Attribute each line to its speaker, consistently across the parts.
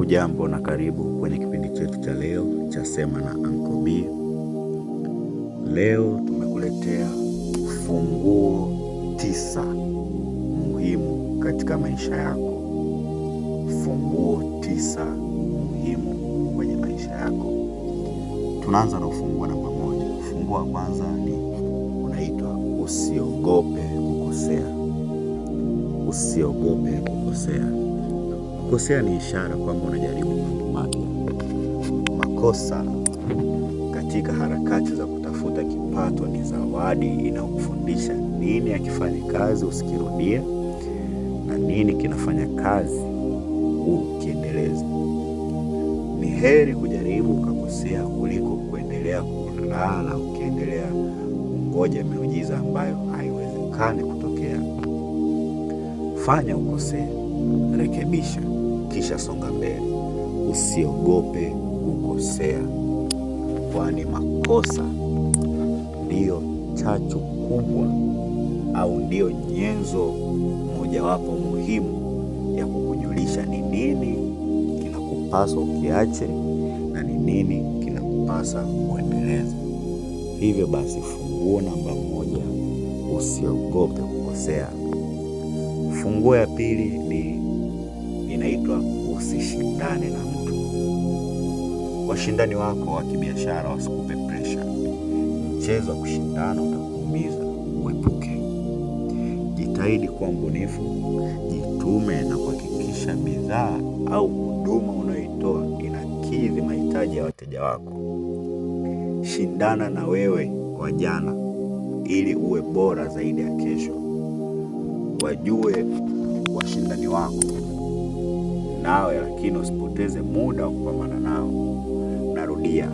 Speaker 1: Hujambo na karibu kwenye kipindi chetu cha leo cha Sema na ankobi B. Leo tumekuletea funguo tisa muhimu katika maisha yako. Funguo tisa muhimu kwenye maisha yako. Tunaanza na ufunguo namba moja. Ufunguo wa kwanza ni unaitwa usiogope kukosea. Usiogope kukosea. Kukosea ni ishara kwamba unajaribu mambo mapya. Makosa katika harakati za kutafuta kipato ni zawadi inayokufundisha nini akifanya kazi usikirudia na nini kinafanya kazi ukiendeleza. Ni heri kujaribu ukakosea kuliko kuendelea kulala ukiendelea kungoja miujiza ambayo haiwezekani kutokea. Fanya ukosea, rekebisha kisha songa mbele. Usiogope kukosea, kwani makosa ndiyo chachu kubwa au ndiyo nyenzo mojawapo muhimu ya kukujulisha ni nini kinakupaswa ukiache na ni nini kinakupasa kuendeleza. Hivyo basi, funguo namba moja, usiogope kukosea. Funguo ya pili ni inaitwa usishindane na mtu. Washindani wako wa kibiashara wasikupe presha. Mchezo wa kushindana utakuumiza, uepuke. Jitahidi kuwa mbunifu, jitume na kuhakikisha bidhaa au huduma unayoitoa inakidhi mahitaji ya wateja wako. Shindana na wewe wa jana ili uwe bora zaidi ya kesho. Wajue washindani wako nawe, lakini usipoteze muda wa kupambana nao. Narudia,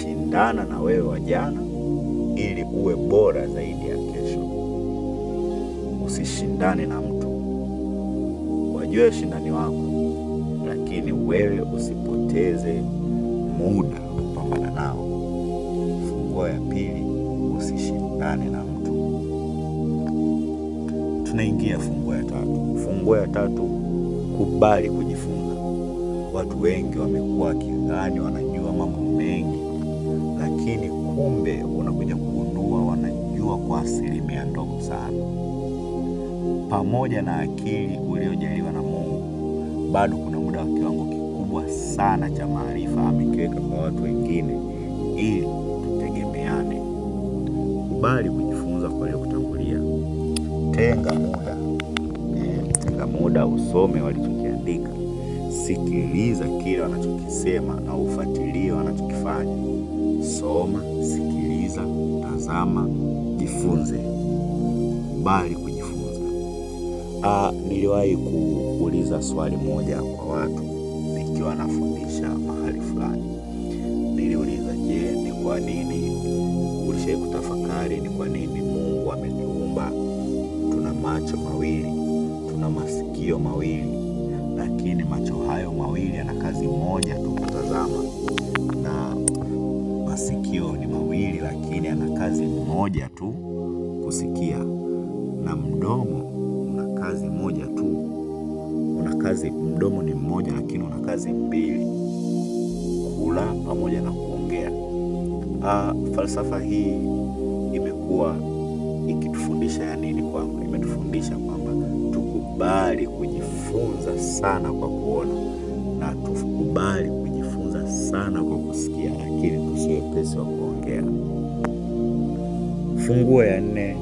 Speaker 1: shindana na wewe wa jana ili uwe bora zaidi ya kesho. Usishindane na mtu, wajue shindani wako, lakini wewe usipoteze muda wa kupambana nao. Funguo ya pili, usishindane na mtu. Tunaingia funguo ya tatu. Funguo ya tatu kubali kujifunza. Watu wengi wamekuwa wakidhani wanajua mambo mengi, lakini kumbe unakuja kugundua wanajua kwa asilimia ndogo sana. Pamoja na akili uliojaliwa na Mungu, bado kuna muda wa kiwango kikubwa sana cha maarifa amekiweka kwa watu wengine ili tutegemeane. Kubali kujifunza kwa waliokutangulia. Tenga muda usome walichokiandika, sikiliza kile wanachokisema na ufuatilie wanachokifanya. Soma, sikiliza, tazama, jifunze, kubali kujifunza. Ah, niliwahi kuuliza swali moja kwa watu nikiwa nafundisha mahali fulani. Niliuliza, je, ni kwa nini ulishai kutafakari ni kwa nini Mungu ameniumba tuna macho mawili na masikio mawili, lakini macho hayo mawili yana kazi moja tu, kutazama, na masikio ni mawili, lakini yana kazi moja tu, kusikia, na mdomo una kazi moja tu, una kazi, mdomo ni mmoja, lakini una kazi mbili, kula pamoja na kuongea. Ah, falsafa hii imekuwa ikitufundisha ya nini? kwa imetufundisha kwamba tukubali kujifunza sana kwa kuona na tukubali kujifunza sana kwa kusikia, lakini tusiwe wa kuongea. Funguo ya nne: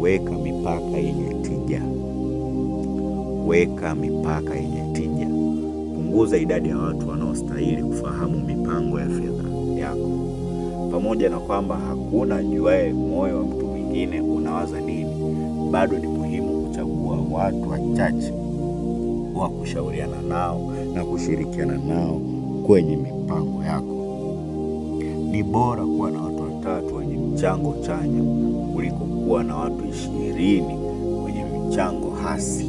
Speaker 1: weka mipaka yenye tija. Weka mipaka yenye tija. Punguza idadi ya watu wanaostahili kufahamu mipango ya fedha yako. Pamoja na kwamba hakuna juaye moyo wa mtu mwingine unawaza nini, bado ni watu wachache wa kushauriana nao na kushirikiana nao kwenye mipango yako. Ni bora kuwa na watu watatu wenye mchango chanya kuliko kuwa na watu ishirini wenye mchango hasi.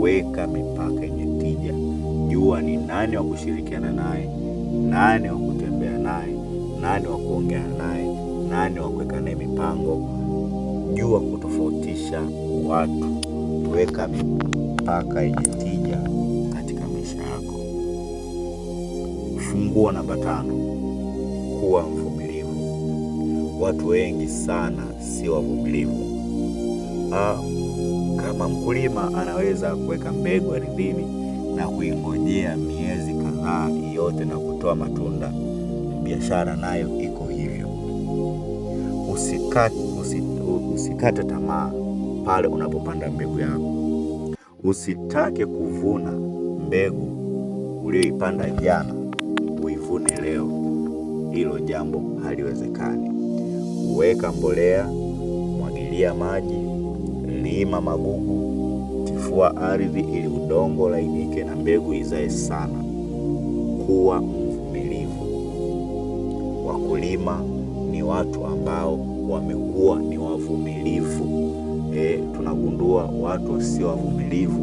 Speaker 1: Weka mipaka yenye tija. Jua ni nani wa kushirikiana naye, nani wa kutembea naye, nani wa kuongea naye, nani wa kuweka naye mipango. Jua kutofautisha watu kuweka mipaka yenye tija katika maisha yako. Funguo namba tano, kuwa mvumilivu. Watu wengi sana si wavumilivu. Ah, kama mkulima anaweza kuweka mbegu ardhini na kuingojea miezi kadhaa yote na kutoa matunda, biashara nayo iko hivyo. Usikate, usikate tamaa pale unapopanda mbegu yako. Usitake kuvuna mbegu uliyoipanda jana uivune leo, hilo jambo haliwezekani. Weka mbolea, mwagilia maji, lima magugu, tifua ardhi ili udongo lainike na mbegu izae sana. Kuwa mvumilivu. Wakulima ni watu ambao wamekuwa ni wavumilivu e, tunagundua watu wasio wavumilivu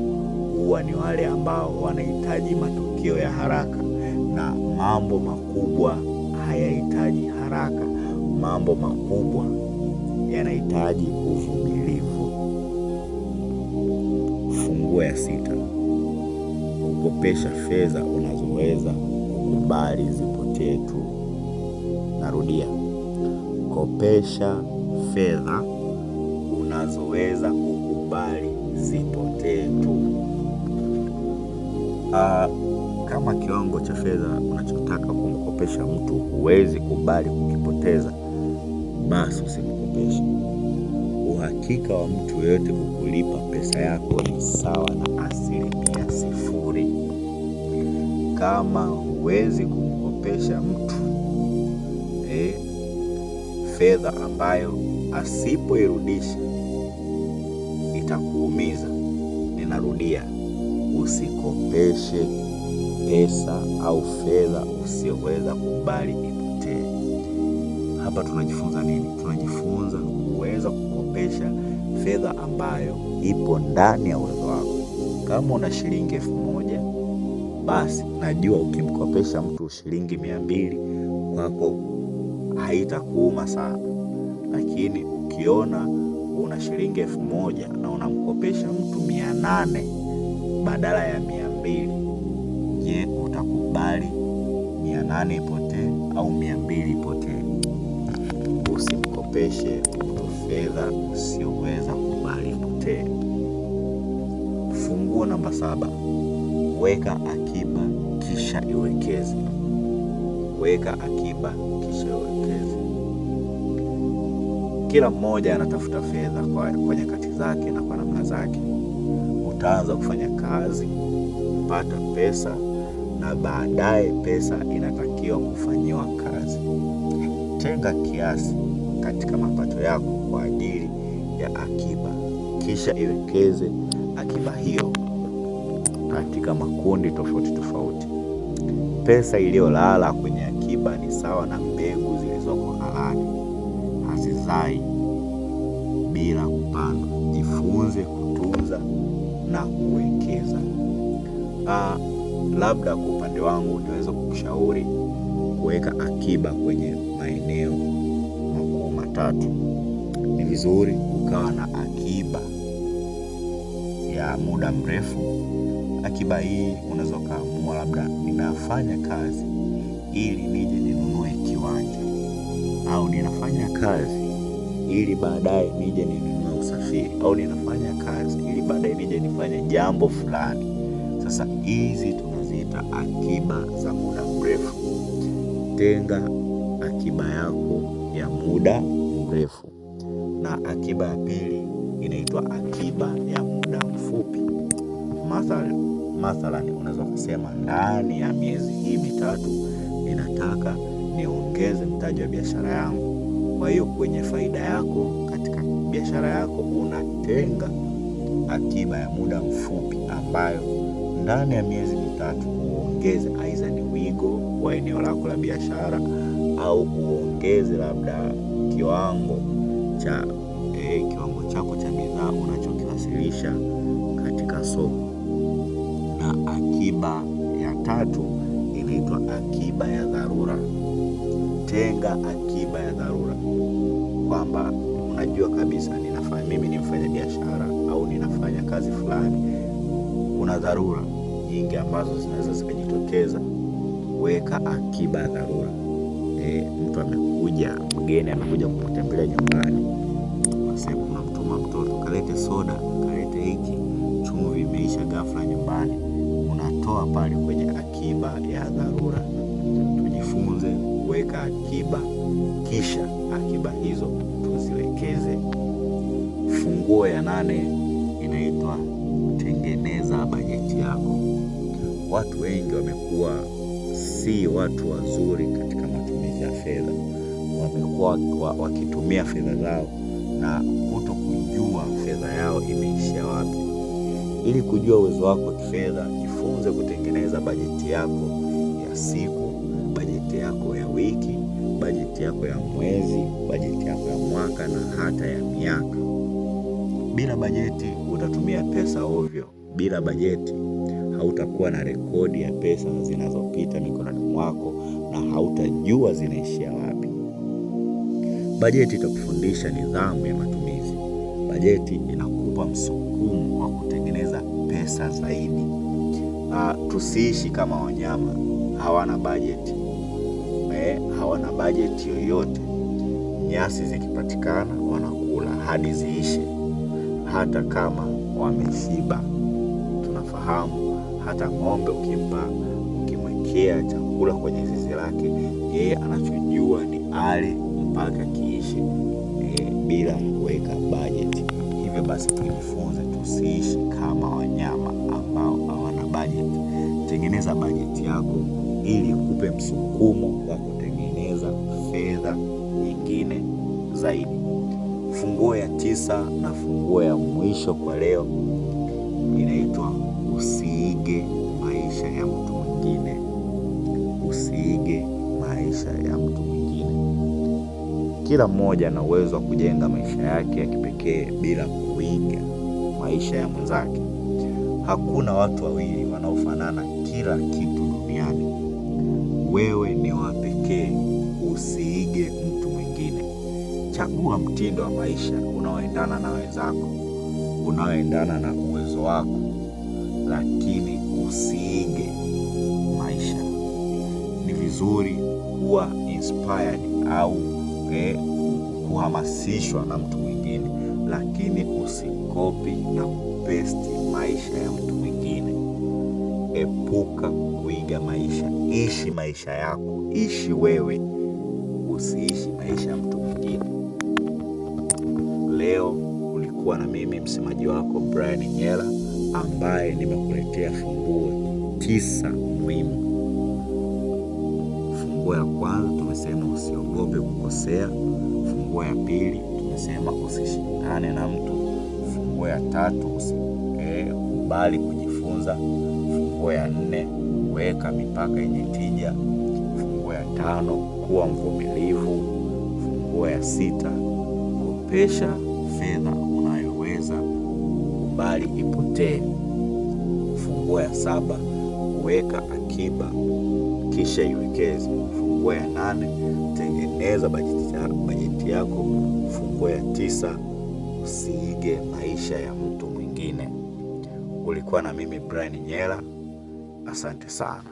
Speaker 1: huwa ni wale ambao wanahitaji matukio ya haraka, na mambo makubwa hayahitaji haraka. Mambo makubwa yanahitaji uvumilivu. Funguo ya sita: kukopesha fedha unazoweza kukubali zipotee tu. Narudia, kopesha fedha zinazoweza kukubali zipotee tu. Uh, ah, kama kiwango cha fedha unachotaka kumkopesha mtu huwezi kubali kukipoteza, basi usimkopeshe. Uhakika wa mtu yeyote kukulipa pesa yako ni sawa na asilimia sifuri. Kama huwezi kumkopesha mtu eh, fedha ambayo asipoirudisha itakuumiza. Ninarudia, usikopeshe pesa au fedha usiyoweza kubali ipotee. Hapa tunajifunza nini? Tunajifunza kuweza kukopesha fedha ambayo ipo ndani ya uwezo wako. Kama una shilingi elfu moja basi najua ukimkopesha mtu shilingi mia mbili kwako haitakuuma sana, lakini ukiona una shilingi elfu moja na unamkopesha mtu mia nane badala ya mia mbili je, utakubali mia nane ipotee au mia mbili ipotee? Usimkopeshe mtu fedha usioweza kubali ipotee. Funguo namba saba: weka akiba kisha iwekeze. Weka akiba kisha iwekeze. Kila mmoja anatafuta fedha kwa, kwa nyakati zake na kwa namna zake. Utaanza kufanya kazi kupata pesa, na baadaye pesa inatakiwa kufanyiwa kazi. Tenga kiasi katika mapato yako kwa ajili ya akiba, kisha iwekeze akiba hiyo katika makundi tofauti tofauti. Pesa iliyolala kwenye akiba ni sawa na mbegu Masai bila kupanda. Jifunze kutunza na kuwekeza. Ah, labda kwa upande wangu niweza kukushauri kuweka akiba kwenye maeneo makuu matatu. Ni vizuri ukawa na akiba ya muda mrefu. Akiba hii unaweza ukaamua labda ninafanya kazi ili nije ninunue kiwanja au ninafanya kazi ili baadaye nije ninunue usafiri au ninafanya kazi ili baadaye nije nifanye jambo fulani. Sasa hizi tunaziita akiba za muda mrefu. Tenga akiba yako ya muda mrefu, na akiba ya pili inaitwa akiba ya muda mfupi. Mathalan, unaweza kusema ndani ya miezi hii mitatu ninataka niongeze mtaji wa biashara yangu kwa hiyo kwenye faida yako katika biashara yako unatenga akiba ya muda mfupi ambayo ndani ya miezi mitatu uongeze, aidha ni wigo wa eneo lako la biashara au uongeze labda kiwango cha eh, kiwango chako cha bidhaa unachokiwasilisha katika soko. Na akiba ya tatu inaitwa akiba ya dharura tenga akiba ya dharura, kwamba unajua kabisa ninafanya mimi ni mfanya biashara au ninafanya kazi fulani, kuna dharura nyingi ambazo zinaweza zikajitokeza. Weka akiba ya dharura. E, mtu amekuja mgeni amekuja kukutembelea nyumbani, unasema unamtuma mtoto kalete soda, kalete hiki, chumvi imeisha ghafla nyumbani, unatoa pale kwenye akiba ya dharura akiba, kisha akiba hizo tuziwekeze. Funguo ya nane inaitwa kutengeneza bajeti yako. Watu wengi wamekuwa si watu wazuri katika matumizi ya fedha, wamekuwa wakitumia fedha zao na kuto kujua fedha yao imeishia wapi. Ili kujua uwezo wako wa kifedha, jifunze kutengeneza bajeti yako ya siku bajeti yako ya wiki, bajeti yako ya mwezi, bajeti yako ya mwaka na hata ya miaka. Bila bajeti utatumia pesa ovyo. Bila bajeti hautakuwa na rekodi ya pesa zinazopita mikononi mwako na hautajua zinaishia wapi. Bajeti itakufundisha nidhamu ya matumizi. Bajeti inakupa msukumo wa kutengeneza pesa zaidi. Uh, tusiishi kama wanyama hawana bajeti eh, hawana bajeti yoyote. Nyasi zikipatikana wanakula hadi ziishe, hata kama wameshiba. Tunafahamu hata ng'ombe ukimpa, ukimwekea chakula kwenye zizi lake, yeye anachojua ni ale mpaka kiishe, e, bila kuweka bajeti. Hivyo basi tujifunze tusiishi kama wanyama ambao hawana bajeti. Tengeneza bajeti yako ili kupe msukumo wa zaidi. Funguo ya tisa na funguo ya mwisho kwa leo inaitwa usiige maisha ya mtu mwingine. Usiige maisha ya mtu mwingine. Kila mmoja ana uwezo wa kujenga maisha yake ya kipekee bila kuiga maisha ya mwenzake. Hakuna watu wawili wanaofanana kila kitu duniani. Wewe ni wa pekee, usiige Chagua mtindo wa maisha unaoendana na wenzako, unaoendana na uwezo wako, lakini usiige maisha. Ni vizuri kuwa inspired au eh, kuhamasishwa na mtu mwingine, lakini usikopi na kupesti maisha ya mtu mwingine. Epuka kuiga maisha, ishi maisha yako, ishi wewe. Nilikuwa na mimi msemaji wako Brian Nyela, ambaye nimekuletea funguo tisa muhimu. Funguo ya kwanza tumesema usiogope kukosea. Funguo ya pili tumesema usishindane na mtu. Funguo ya tatu usikubali eh, kujifunza. Funguo ya nne weka mipaka yenye tija. Funguo ya tano kuwa mvumilivu. Funguo ya sita kopesha fedha ukubali ipotee. Funguo ya saba weka akiba kisha iwekeze. Funguo ya nane tengeneza bajeti yako. Funguo ya tisa usiige maisha ya mtu mwingine. Ulikuwa na mimi Brian Nyela, asante sana.